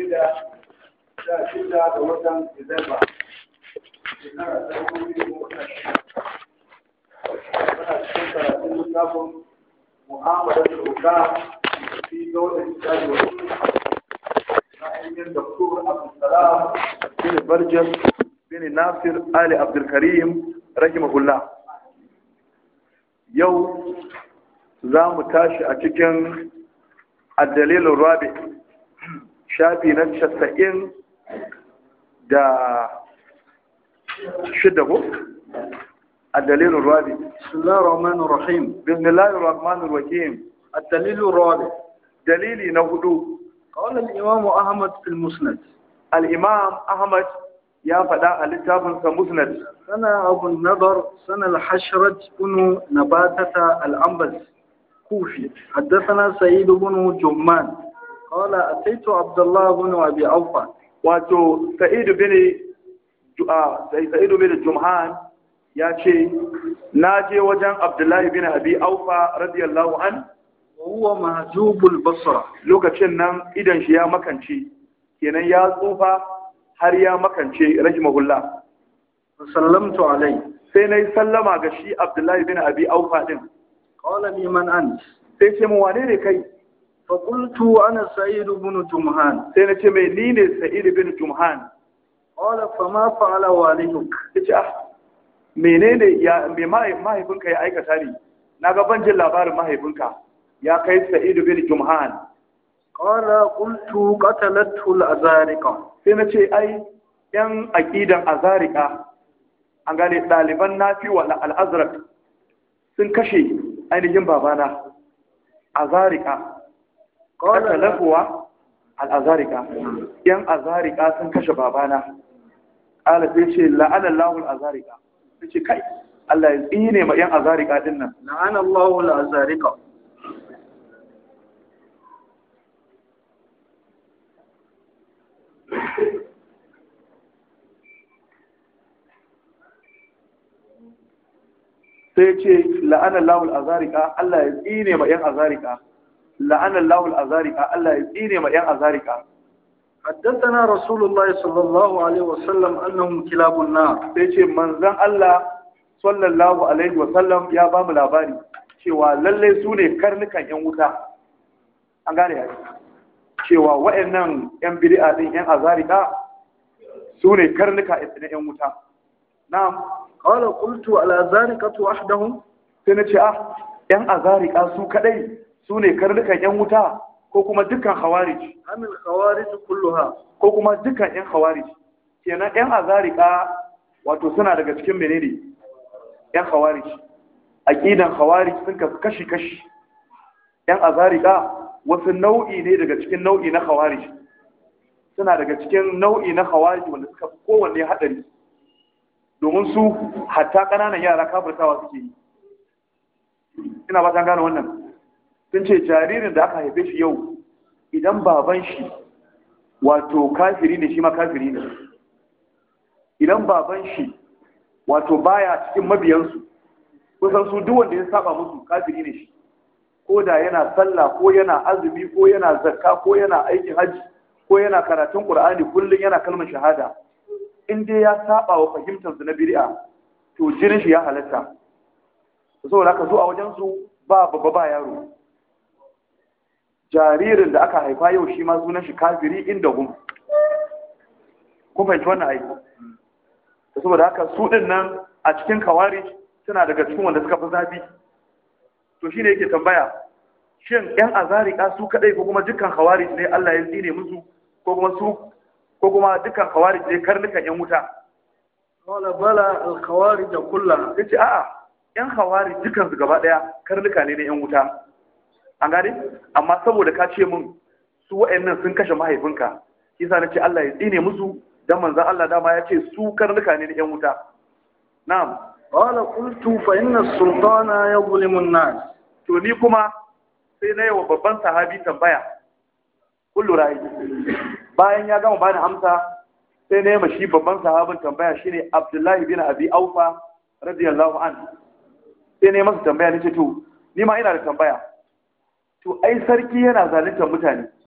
shida sha shida ga watan Disamba shekara ta dubu biyu da wata shida. Muna cikin karatun littafin Muhammadu Ruka fi ga watan Italy wa na ainihin Doktor Abdulsalam bin Barjar bin Nasir Ali Abdulkarim rahimahullah. Yau za mu tashi a cikin الدليل Rabi. shafi na casa'in da shida ko الدليل الرابع بسم الله الرحمن الرحيم بسم الله الرحمن الرحيم الدليل الرابع دليلي نهدو قال الإمام أحمد في المسند الإمام Ahmad ya faɗa a littafinsa musnad sana abun nadar sana al-hashraj ibn nabatata al-ambas kufi na saidu kunu Juman. qala ataitu abdullah ibn Abdullahi awfa wato sa'id bin du'a Sa'idu bin jumhan ya ce na je wajen abdullahi bin abi awfa radiyallahu an huwa mahjubul basra lokacin nan idan shi ya makance kenan ya tsufa har ya makance rahimahullah sallamtu alai sai na yi sallama ga shi abdullahi bin abi aufa din qala man an sai ce mu wane ne kai fakultu ana sa'idu bin jumhan sai na ce mai ni ne sa'idu bin jumhan qala fa ma fa'ala waliduk yace ah menene ya me mahaifinka ya aikata ne naga ban jin labarin mahaifinka ya kai sa'idu bin jumhan qala qultu qatalatu al-azariqa sai na ce ai yan aqidan azariqa an gane daliban nafi wa al-azraq sun kashe ainihin babana azariqa kasa lafuwa al'azarika yan azarika sun kashe babana ƙala ce la'anar lawul azarika sai ce kai Allah ya tsine ma yan azarika din nan la'anar lahul azarika sai ce la'anar lawul azarika Allah ya tsine ma yan azarika لعن الله الأزارقة الله يديني ما ين أزارقة حدثنا رسول الله صلى الله عليه وسلم أنهم كلاب النار تيجي منزان الله صلى الله عليه وسلم يا بام لاباري cewa lallai su ne karnukan 'yan wuta an gane ya cewa wa'annan 'yan bid'a din 'yan azarika su ne karnuka na 'yan wuta na kawai kultu al'azarika to ahdahun sai na ce 'yan ah, azarika su kadai su ne karnukan yan wuta ko kuma dukkan khawarij amil khawarij kulluha ko kuma dukkan yan khawarij kenan yan azarika wato suna daga cikin menene yan khawarij aqidan khawarij sun kasu kashi kashi yan azarika wasu nau'i ne daga cikin nau'i na khawarij suna daga cikin nau'i na khawarij wanda suka kowanne hadari domin su hatta ƙananan yara kafirtawa suke yi ina ba ta gane wannan sun ce jaririn da aka haife shi yau idan baban shi wato kafiri ne shi ma kafiri ne idan baban shi wato baya cikin mabiyansu kusan su duk wanda ya saba musu kafiri ne shi ko da yana sallah ko yana azumi ko yana zakka ko yana aikin hajji ko yana karatun qur'ani kullum yana kalmar shahada in dai ya saba wa fahimtar su na bid'a to jinin shi ya halatta saboda haka zo a wajen su ba babba ba yaro jaririn da aka haifa yau shi ma sunan shi kafiri inda hum kun fahimci wannan ai da saboda haka su din nan a cikin kawari suna daga cikin wanda suka fi zafi to shine yake tambaya shin yan ka su kadai ko kuma dukkan kawari ne Allah ya tsine musu ko kuma su ko kuma dukkan kawari ne karnukan yan wuta wala bala al da kullaha yace a'a yan kawari dukkan su gaba daya karnuka ne na yan wuta an gane amma saboda ka ce mun su wa'annan sun kashe mahaifinka yasa ce Allah ya tsine musu dan manzon Allah dama ya ce su karnuka ne na yan wuta na'am qala qultu fa inna sultana yuzlimu an-nas to ni kuma sai na yawa babban sahabi tambaya kullu rai bayan ya gama bani amsa sai na yawa shi babban sahabin tambaya shine Abdullahi bin Abi Aufa radiyallahu anhu. sai na masa tambaya nace to ni ma ina da tambaya to ai sarki yana zaluntar mutane